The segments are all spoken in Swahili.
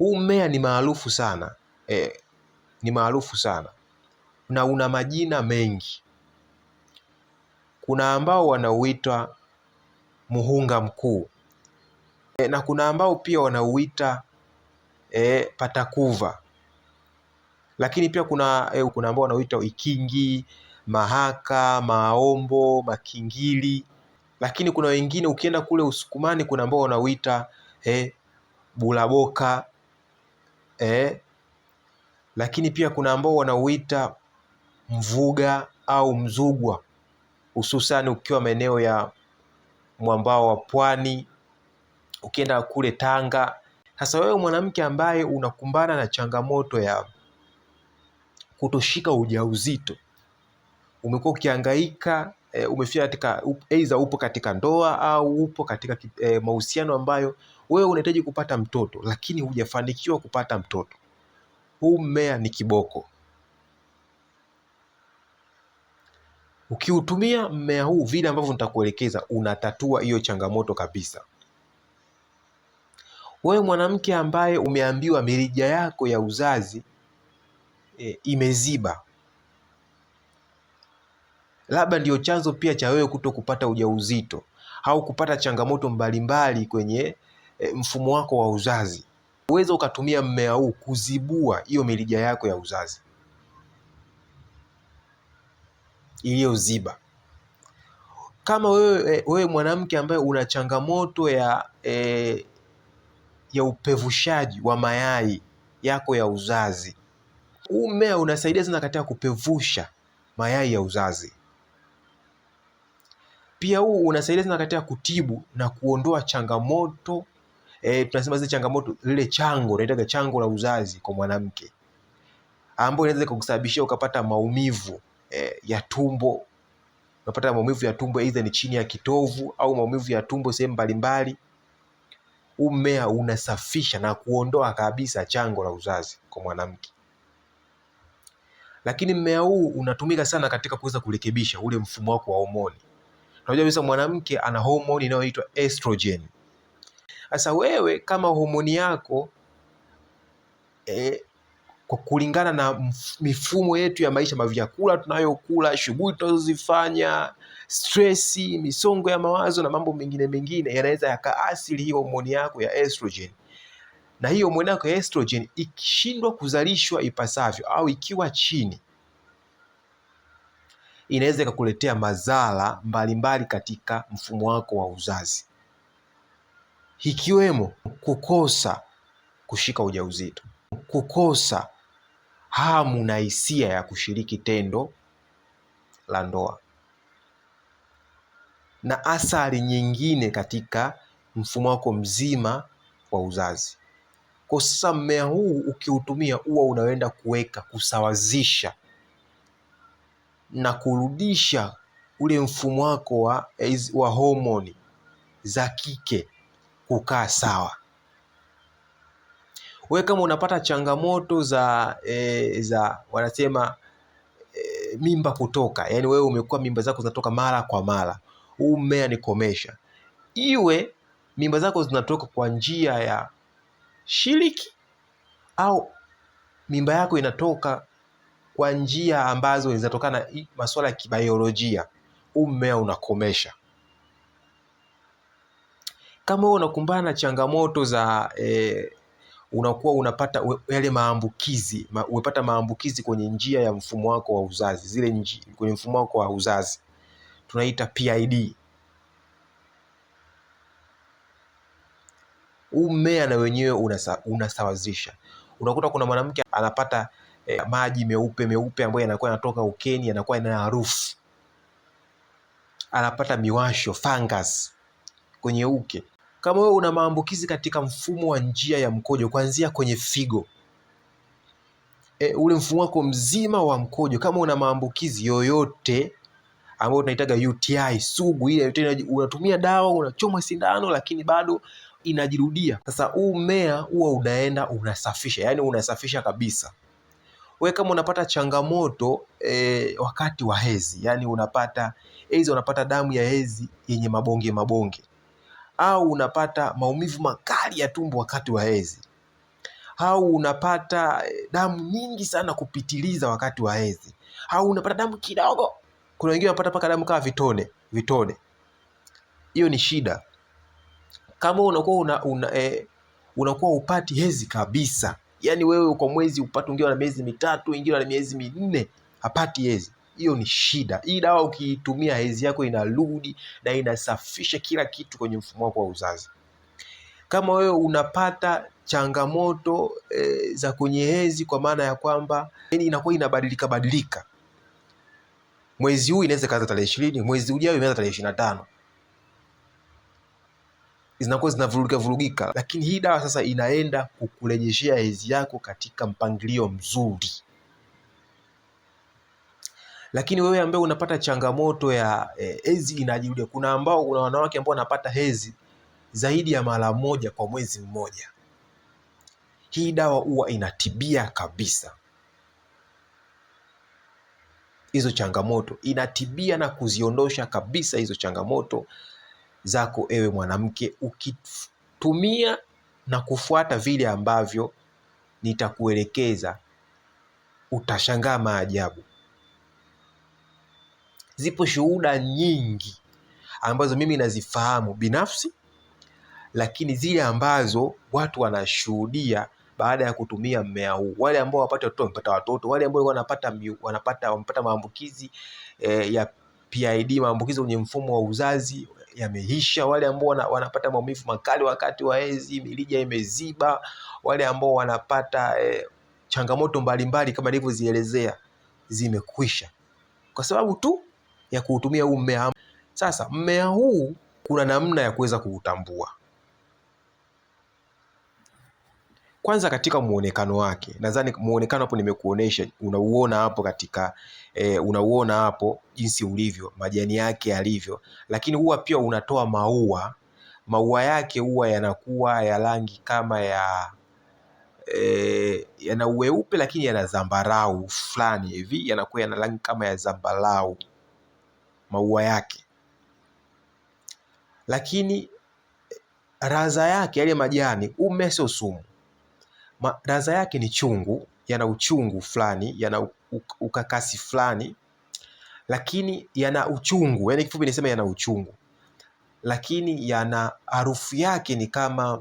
Huu mmea ni maarufu sana e, ni maarufu sana na una majina mengi. Kuna ambao wanauita muhunga mkuu e, na kuna ambao pia wanauita e, patakuva, lakini pia kuna, e, kuna ambao wanauita ikingi, mahaka, maombo, makingili, lakini kuna wengine ukienda kule Usukumani kuna ambao wanauita e, bulaboka eh, lakini pia kuna ambao wanauita mvuga au mzugwa, hususani ukiwa maeneo ya mwambao wa pwani, ukienda kule Tanga. Sasa wewe mwanamke ambaye unakumbana na changamoto ya kutoshika ujauzito umekuwa ukihangaika e, eh, umefika katika aidha upo katika ndoa au upo katika e, mahusiano ambayo wewe unahitaji kupata mtoto lakini hujafanikiwa kupata mtoto. Huu mmea ni kiboko. Ukiutumia mmea huu vile ambavyo nitakuelekeza, unatatua hiyo changamoto kabisa. Wewe mwanamke ambaye umeambiwa mirija yako ya uzazi e, imeziba labda ndio chanzo pia cha wewe kuto kupata ujauzito au kupata changamoto mbalimbali mbali kwenye e, mfumo wako wa uzazi. Uweza ukatumia mmea huu kuzibua hiyo mirija yako ya uzazi iliyoziba. Kama wewe, e, wewe mwanamke ambaye una changamoto ya e, ya upevushaji wa mayai yako ya uzazi, huu mmea unasaidia sana katika kupevusha mayai ya uzazi. Pia huu unasaidia sana katika kutibu na kuondoa changamoto e, tunasema zile changamoto, lile chango unaitaga chango la uzazi kwa mwanamke, ambayo inaweza kukusababishia ukapata maumivu e, ya tumbo. Unapata maumivu ya tumbo aidha ni chini ya kitovu au maumivu ya tumbo sehemu mbalimbali. Huu mmea unasafisha na kuondoa kabisa chango la uzazi kwa mwanamke lakini mmea huu unatumika sana katika kuweza kurekebisha ule mfumo wako wa homoni. Unajua kabisa mwanamke ana homoni inayoitwa estrogen. Sasa wewe kama homoni yako e, kwa kulingana na mifumo yetu ya maisha, mavyakula tunayokula, shughuli tunazozifanya, stresi, misongo ya mawazo na mambo mengine mengine yanaweza yakaathiri hii homoni yako ya estrogen na hii homoni yako ya estrogen ikishindwa kuzalishwa ipasavyo au ikiwa chini, inaweza ikakuletea madhara mbalimbali katika mfumo wako wa uzazi, ikiwemo kukosa kushika ujauzito, kukosa hamu na hisia ya kushiriki tendo la ndoa, na athari nyingine katika mfumo wako mzima wa uzazi. Kwa sasa mmea huu ukiutumia, huwa unaenda kuweka kusawazisha na kurudisha ule mfumo wako wa, eh, wa homoni za kike kukaa sawa. Wewe kama unapata changamoto za e, za wanasema e, mimba kutoka, yaani wewe umekuwa mimba zako zinatoka mara kwa mara, huu mmea ni komesha Iwe mimba zako zinatoka kwa njia ya shiriki au mimba yako inatoka kwa njia ambazo zinatokana na masuala ya kibayolojia, huu mmea unakomesha. Kama wewe unakumbana na changamoto za e, unakuwa unapata yale maambukizi ma, umepata maambukizi kwenye njia ya mfumo wako wa uzazi, zile njia, kwenye mfumo wako wa uzazi tunaita PID. Huu mmea na wenyewe unasawazisha. Unakuta kuna mwanamke anapata eh, maji meupe meupe ambayo yanakuwa yanatoka ukeni, yanakuwa yana harufu. Anapata miwasho fungus kwenye uke. Kama wewe una maambukizi katika mfumo wa njia ya mkojo kuanzia kwenye figo E, ule mfumo wako mzima wa mkojo kama una maambukizi yoyote ambayo tunaitaga UTI sugu, ile unatumia dawa, unachoma sindano, lakini bado inajirudia. Sasa huu mmea huwa unaenda unasafisha, yani unasafisha kabisa wewe kama unapata changamoto e, wakati wa hezi yani unapata hezi, unapata damu ya hezi yenye mabonge mabonge, au unapata maumivu makali ya tumbo wakati wa hezi au unapata eh, damu nyingi sana kupitiliza wakati wa hezi au unapata damu kidogo. Kuna wengine wanapata paka damu kama vitone vitone, hiyo ni shida. Kama unakuwa una, una, e, unakuwa upati hezi kabisa Yaani wewe kwa mwezi upate wengine na miezi mitatu, wengine na miezi minne hapati hezi. Hiyo ni shida. Hii dawa ukiitumia hezi yako inarudi na inasafisha kila kitu kwenye mfumo wako wa uzazi. Kama wewe unapata changamoto e, za kwenye hezi, kwa maana ya kwamba yani inakuwa inabadilika badilika, mwezi huu inaweza kaanza tarehe ishirini, mwezi ujao imeanza tarehe ishirini na tano zinakuwa zinavurugika vurugika, lakini hii dawa sasa inaenda kukurejeshea hedhi yako katika mpangilio mzuri. Lakini wewe ambaye unapata changamoto ya eh, hedhi eh, inajirudia, kuna ambao kuna wanawake ambao wanapata hedhi zaidi ya mara moja kwa mwezi mmoja, hii dawa huwa inatibia kabisa hizo changamoto, inatibia na kuziondosha kabisa hizo changamoto zako ewe mwanamke, ukitumia na kufuata vile ambavyo nitakuelekeza, utashangaa maajabu. Zipo shuhuda nyingi ambazo mimi nazifahamu binafsi, lakini zile ambazo watu wanashuhudia baada ya kutumia mmea huu. Wale ambao wapata watoto wamepata watoto, wale ambao wanapata wanapata wamepata maambukizi eh, ya PID maambukizi kwenye mfumo wa uzazi yameisha. Wale ambao wanapata maumivu makali wakati wa hedhi, milija imeziba, wale ambao wanapata eh, changamoto mbalimbali kama nilivyozielezea zimekwisha, kwa sababu tu ya kuutumia huu mmea. Sasa mmea huu kuna namna ya kuweza kuutambua. Kwanza katika muonekano wake, nadhani muonekano hapo nimekuonesha, unauona hapo katika e, unauona hapo jinsi ulivyo, majani yake yalivyo, lakini huwa pia unatoa maua. Maua yake huwa yanakuwa ya rangi kama ya e, yana uweupe lakini yana zambarau fulani hivi, yanakuwa yana rangi kama ya zambarau maua yake, lakini eh, raza yake yale majani umeso sumu ladha yake ni chungu, yana uchungu fulani, yana ukakasi fulani, lakini yana uchungu, yani kifupi nisema yana uchungu, lakini yana harufu yake ni kama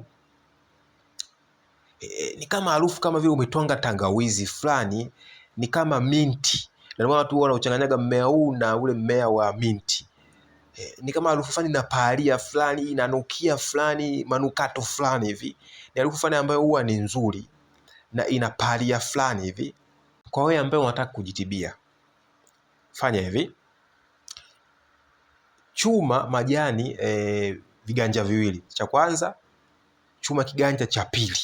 e, ni kama harufu kama vile umetwanga tangawizi fulani, ni kama minti. Na ndio maana watu wanauchanganyaga mmea huu na ule mmea wa minti. Eh, ni kama harufu fulani inapahalia fulani inanukia fulani manukato fulani hivi, ni harufu fulani ambayo huwa ni nzuri na ina paalia fulani hivi. Kwa wewe ambaye unataka kujitibia, fanya hivi: chuma majani e, viganja viwili, cha kwanza chuma kiganja cha pili,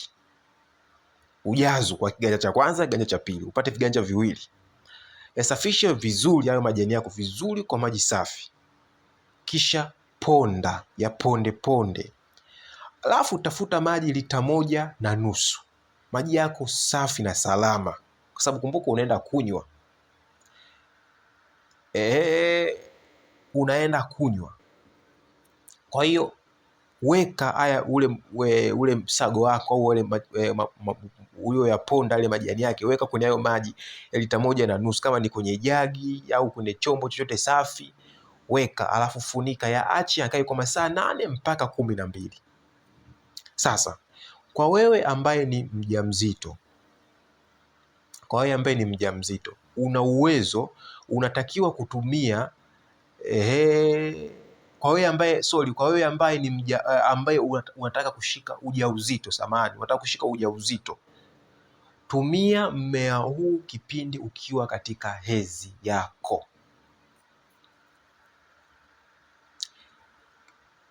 ujazo kwa kiganja cha kwanza, kiganja cha pili, upate viganja viwili. Yasafishe vizuri hayo majani yako vizuri kwa maji safi kisha ponda ya ponde ponde, alafu tafuta maji lita moja na nusu, maji yako safi na salama, kwa sababu kumbuka unaenda kunywa e, unaenda kunywa. Kwa hiyo weka haya ule, we, ule msago wako au ule e, ulio ya ponda ile majani yake, weka kwenye hayo maji ya lita moja na nusu, kama ni kwenye jagi au kwenye chombo chochote safi weka alafu funika, yaache yakae kwa masaa nane mpaka kumi na mbili. Sasa kwa wewe ambaye ni mjamzito, kwa wewe ambaye ni mjamzito, una uwezo, unatakiwa kutumia ehe, kwa wewe ambaye sorry, kwa wewe ambaye ni mja, eh, ambaye unataka kushika ujauzito, samani unataka kushika ujauzito, tumia mmea huu kipindi ukiwa katika hezi yako.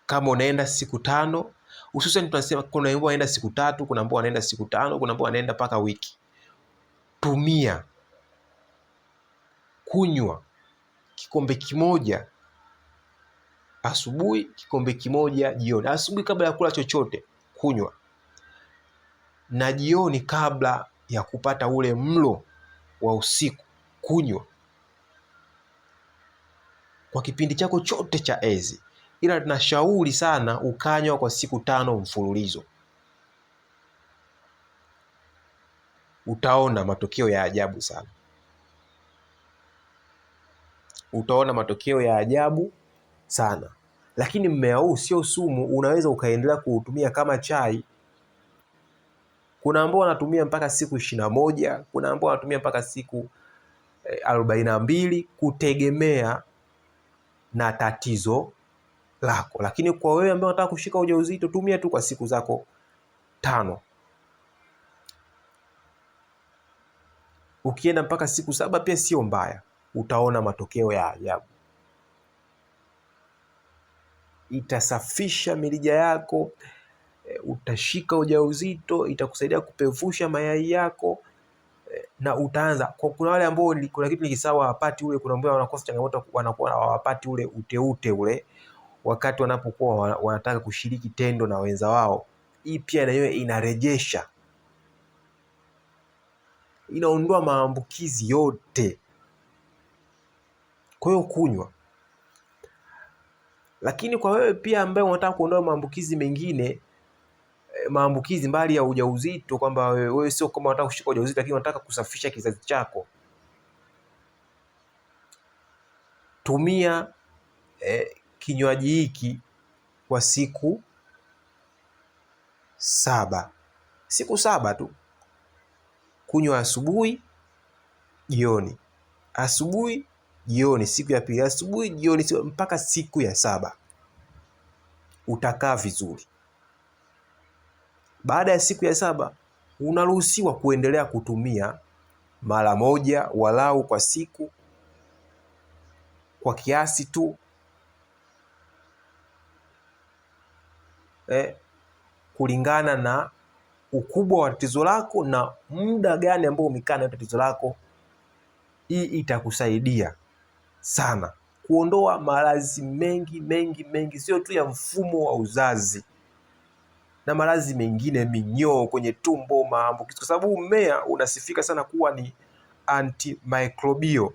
kama unaenda siku tano hususan tunasema kuna ambao wanaenda siku tatu, kuna ambao wanaenda siku tano, kuna ambao wanaenda mpaka wiki. Tumia kunywa kikombe kimoja asubuhi, kikombe kimoja jioni. Asubuhi kabla ya kula chochote kunywa, na jioni kabla ya kupata ule mlo wa usiku kunywa, kwa kipindi chako chote cha ezi ila tunashauri sana ukanywa kwa siku tano mfululizo. Utaona matokeo ya ajabu sana, utaona matokeo ya ajabu sana. Lakini mmea huu sio sumu, unaweza ukaendelea kuutumia kama chai. Kuna ambao wanatumia mpaka siku ishirini na moja kuna ambao wanatumia mpaka siku eh, arobaini na mbili kutegemea na tatizo lako. Lakini kwa wewe ambaye unataka kushika ujauzito, tumia tu kwa siku zako tano, ukienda mpaka siku saba pia sio mbaya, utaona matokeo ya ajabu. Itasafisha mirija yako, eh, utashika ujauzito, itakusaidia kupevusha mayai yako eh, na utaanza kwa. Kuna wale ambao kuna kitu ni kisawa hawapati ule, kuna ambao wanakosa changamoto, wanakuwa hawapati ule uteute ule wakati wanapokuwa wanataka kushiriki tendo na wenza wao. Hii pia na yeye inarejesha, inaondoa maambukizi yote. Kwa hiyo kunywa. Lakini kwa wewe pia ambaye unataka kuondoa maambukizi mengine eh, maambukizi mbali ya ujauzito, kwamba wewe sio kama unataka kushika ujauzito, lakini unataka kusafisha kizazi chako, tumia eh, kinywaji hiki kwa siku saba, siku saba tu, kunywa asubuhi, jioni, asubuhi, jioni, siku ya pili, asubuhi, jioni, mpaka siku ya saba. Utakaa vizuri. Baada ya siku ya saba unaruhusiwa kuendelea kutumia mara moja walau kwa siku, kwa kiasi tu eh, kulingana na ukubwa wa tatizo lako na muda gani ambao umekaa na tatizo lako. Hii itakusaidia sana kuondoa maradhi mengi mengi mengi, sio tu ya mfumo wa uzazi na maradhi mengine, minyoo kwenye tumbo, maambukizi, kwa sababu mmea unasifika sana kuwa ni antimicrobial,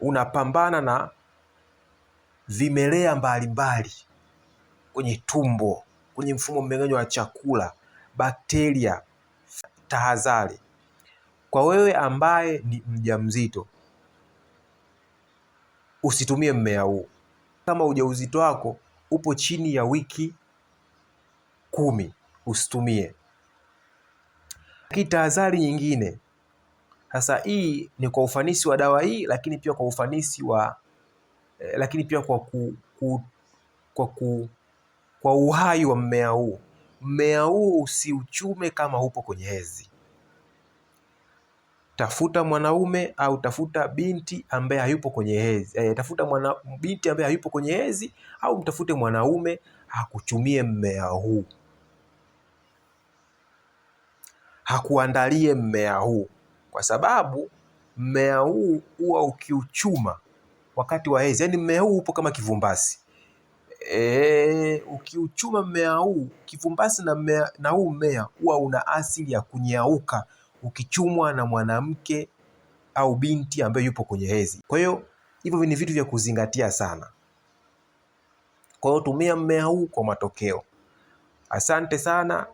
unapambana na vimelea mbalimbali mbali kwenye tumbo, kwenye mfumo mmeng'enyo wa chakula, bakteria. Tahadhari kwa wewe ambaye ni mjamzito, usitumie mmea huu kama ujauzito wako upo chini ya wiki kumi, usitumie. Lakini tahadhari nyingine sasa, hii ni kwa ufanisi wa dawa hii, lakini pia kwa ufanisi wa eh, lakini pia kwa ku, ku, kwa ku kwa uhai wa mmea huu. Mmea huu usiuchume kama upo kwenye hedhi. Tafuta mwanaume au tafuta binti ambaye hayupo kwenye hedhi e, tafuta mwana, binti ambaye hayupo kwenye hedhi au mtafute mwanaume akuchumie mmea huu, hakuandalie mmea huu, kwa sababu mmea huu huwa ukiuchuma wakati wa hedhi, yaani mmea huu upo kama kivumbasi E, ukiuchuma mmea huu kifumbasi na, mmea, na huu mmea huwa una asili ya kunyauka ukichumwa na mwanamke au binti ambaye yupo kwenye hezi Kwa hiyo hivyo ni vitu vya kuzingatia sana. Kwa hiyo tumia mmea huu kwa matokeo. Asante sana.